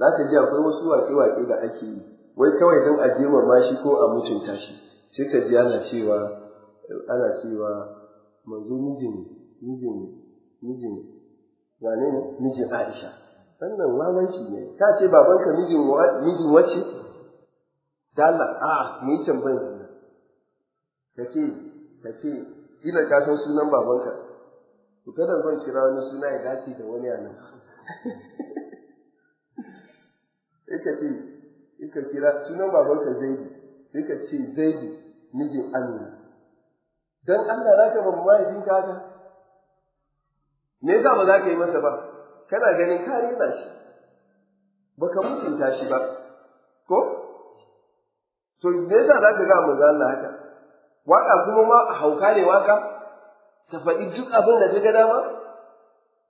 za ka ji akwai wasu waƙe-waƙe da ake yi wai kawai don a girmama shi ko a mutunta shi sai ka ji ana cewa ana cewa manzo mijin mijin mijin wane ne mijin Aisha wannan shi ne ka ce babanka mijin mijin wacce dalla a mu yi tambayin ka ce ka ce ina ka san sunan babanka to kada zan kira wani suna ya dace da wani a nan yake ce yake kira sunan babanka Zaidu yake ce Zaidu mijin Amina dan Allah za ka mahaifin ka haka me yasa ba za ka yi masa ba kana ganin ka rena shi ka mutunta shi ba ko to me yasa za ka ga manzo Allah haka waka kuma ma hauka ne waka ta faɗi duk abin da ta ga dama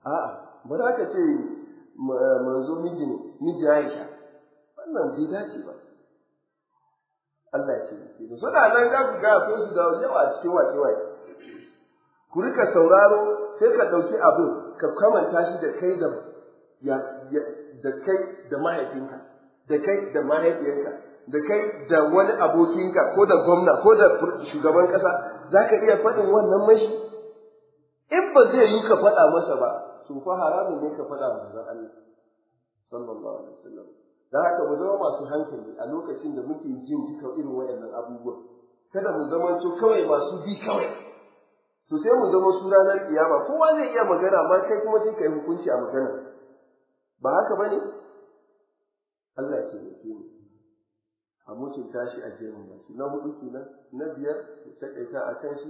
a'a ba za ka ce manzo mijin mijin Aisha wannan bai dace ba Allah ya ce su suna nan za ku ga akwai su da yawa a cikin wake wake ku rika sauraro sai ka ɗauki abin ka kamanta shi da kai da da kai da mahaifinka da kai da mahaifiyarka da kai da wani abokinka ko da gwamna ko da shugaban ƙasa za ka iya faɗin wannan mashi in ba zai yi ka faɗa masa ba to fa haramun ne ka faɗa wa Allah sallallahu alaihi wasallam don haka mu zama masu hankali a lokacin da muke jin duka irin waɗannan abubuwan kada mu zama to kawai masu bi kawai to sai mu zama su ranar kiyama kowa zai iya magana amma kai kuma sai ka yi hukunci a magana ba haka bane Allah ya taimake mu a mutum tashi a jirgin masu, na hudu kenan na biyar mu takaita a kan shi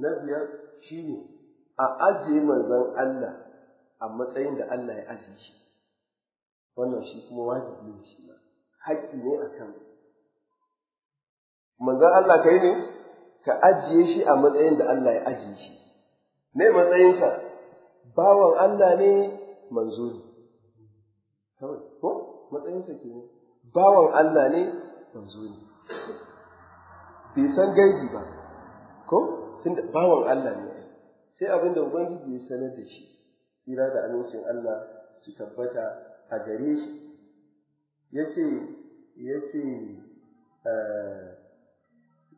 na biyar ne a ajiye manzon Allah a matsayin da Allah ya ajiye shi wannan shi kuma wajibi ne shi haƙƙi ne a kan manzan Allah kai ne ka ajiye shi a matsayin da Allah ya ajiye shi me matsayinka bawan Allah ne manzo ne kawai ko matsayinsa ke ne bawan Allah ne manzo ne bai san gaibi ba ko tunda bawan Allah ne sai abin da ubangiji ya sanar da shi tsira da amincin Allah su tabbata a gare shi ce yace ba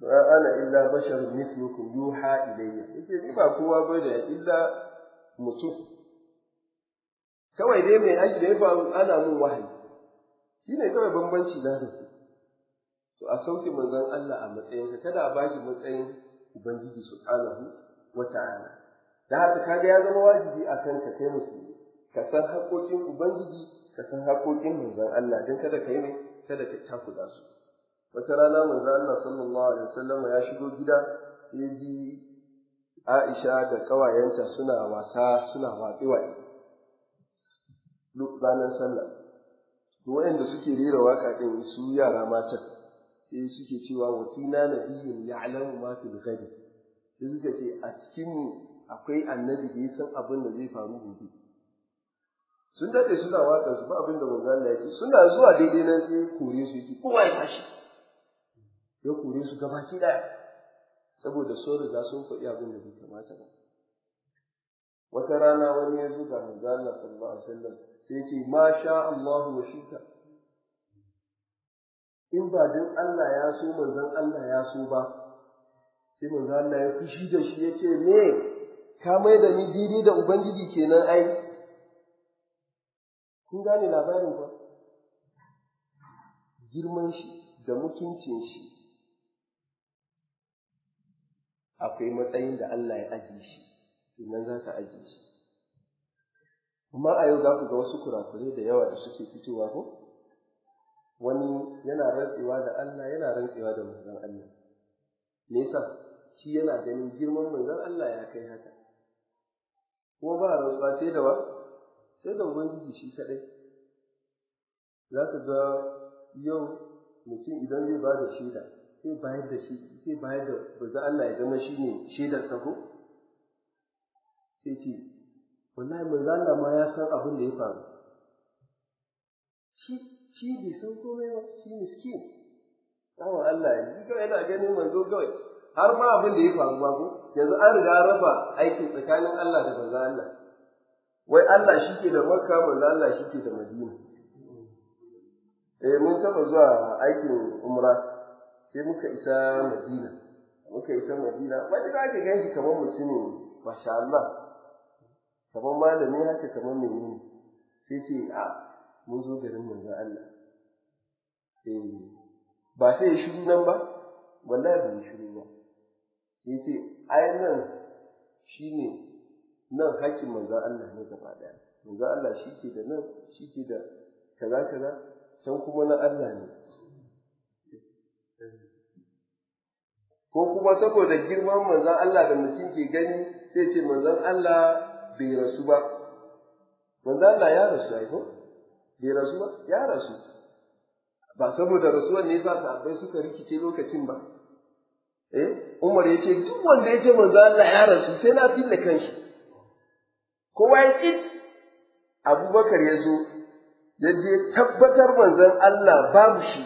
eh, ana illa basharun mithlukum yuha ilayya ya ce ba kowa da illa mutum kawai dai mai aiki da ya faru ana mun wahayi shi ne kawai bambanci na da su to a sauke manzon Allah a matsayin ka kada a bashi matsayin ubangiji subhanahu wa ta'ala da haka kaga ya zama wajibi a kanka kai musu ka san haƙoƙin ubangiji ka san haƙoƙin manzon Allah don kada ka yi mai kada ka cakuɗa su wata rana manzon Allah sallallahu alaihi wasallam ya shigo gida ya ji Aisha da ƙawayenta suna wasa suna watsi watsi ranar sallah to waɗanda suke rera waƙa ɗin su yara mata sai suke cewa wa fina ya ya'lamu ma fil ghadi sai suka ce a cikin akwai annabi da ya san abin da zai faru gobe sun dade suna waka su ba abin da manzo da yake suna zuwa daidai nan sai kore su yake kowa ya tashi ya kore su gabaki ɗaya, saboda so za su faɗi abin da bai kamata ba wata rana wani ya zo ga Allah sallallahu alaihi wasallam sai yake Masha, ma sha Allah wa shika in ba dan Allah ya so manzon Allah ya so ba sai manzo Allah ya fushi da shi ya ce me ka mai da ni dini da ubangiji kenan ai kun gane labarin ba girman shi da mutuncin shi akwai matsayin da Allah ya ajiye shi sannan za ka ajiye shi amma a yau za ku ga wasu kurakurai da yawa da suke fitowa ko wani yana rantsewa da Allah yana rantsewa da manzon Allah me yasa shi yana ganin girman manzon Allah ya kai haka kuma ba rantsuwa sai da wa sai da ubangiji shi kaɗai za ka ga yau mutum idan zai ba da shaida sai bayar da shi sai bayar da ba Allah ya zama shi ne shaidar sako? ko sai ce wallahi manzo Allah ma ya san abin da ya faru shi shi bai san komai ba shi miskin bawan Allah ya ji kawai yana ganin manzo kawai har ma abin da ya faru ba ko yanzu an riga raba aikin tsakanin Allah da manzo Allah wai Allah shi ke da makka manzo Allah shi ke da madina eh mun taɓa zuwa aikin umra sai muka isa madina muka isa madina wani za ka gan shi kamar mutumin masha Allah kamar malami haka kamar ne sai ce a ah, mun zo garin manzo Allah eh ba sai ya shiru nan ba wallahi ba ya shiru ba sai ce ai nan shine nan haƙƙin manzo Allah ne gaba ɗaya manzo Allah shi ke da nan shi ke da kaza kaza can kuma na Allah ne ko kuma saboda girman manzan Allah da mutum ke gani sai ce manzan Allah bai rasu ba manzan Allah ya rasu ai ko bai rasu ba ya rasu ba saboda rasuwar ne za bai suka rikice lokacin ba eh Umar ya ce duk wanda ya ce Allah ya rasu sai na fille kanshi kowa ya ci abubakar ya zo ya je tabbatar manzon Allah babu shi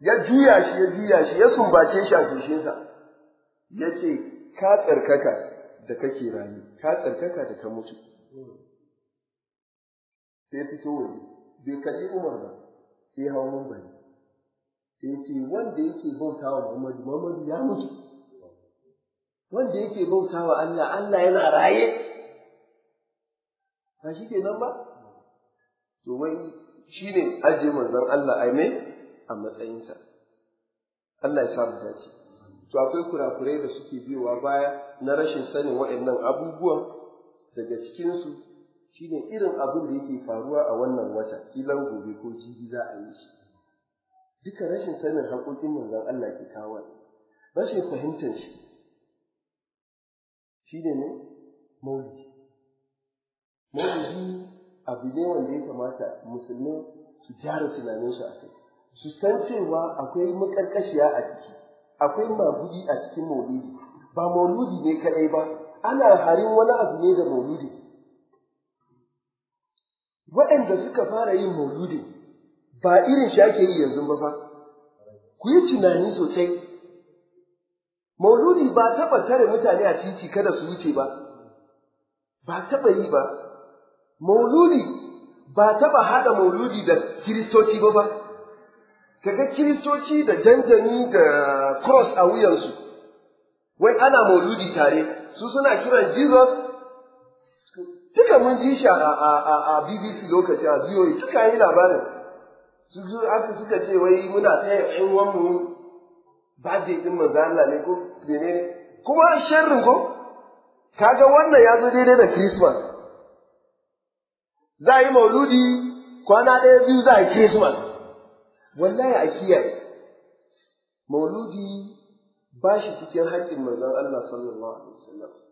ya juya shi ya juya shi ya sumbace shi a sa ya ce ka tsarkaka da kake rayu ka tsarkaka da ka mutu sai fito wani bai kalli umar ba sai hawa mambari sai ce wanda yake bauta wa muhammadu muhammadu ya mutu wanda yake bauta wa Allah Allah yana raye ba shi nan ba to wai ne ajiye manzon Allah a mai a matsayinsa Allah ya sa mu dace to akwai kurakurai da suke biyowa baya na rashin sanin waɗannan abubuwan daga cikinsu shine irin abin da yake faruwa a wannan wata ilan gobe ko jibi za a yi shi duka rashin sanin haƙoƙin manzon Allah ke kawo rashin fahimtar shi shine ne maulidi abu ne wanda ya kamata musulmi su gyara tunaninsu a kai su san cewa akwai makarkashiya a ciki akwai magudi a cikin maulidi ba mauludi ne kadai ba ana harin wani abu ne da mauludi waɗanda suka fara yin mauludi ba irin shi ake yi yanzu ba fa ku yi tunani sosai mauludi ba taɓa tare mutane a titi kada su wuce ba ba taɓa yi ba mauludi ba taba haɗa mauludi da kiristoci ba ba, kaga kiristoci da janjani da cross a wuyansu, wai ana mauludi tare, su suna kiran Jesus, duka mun ji shi a BBC lokaci a VOA, tuka yi labarin, su aka suka ce wai muna taya ‘yan ba birthday ɗin manzo Allah ne ko ne ne, kuma sharrin ko, kaga wannan ya zo daidai da Christmas. za a yi mauludi kwana ɗaya biyu za a yi Kirismas. Wallahi a kiyaye, mauludi ba shi cikin haƙƙin manzon Allah sallallahu Alaihi wasallam.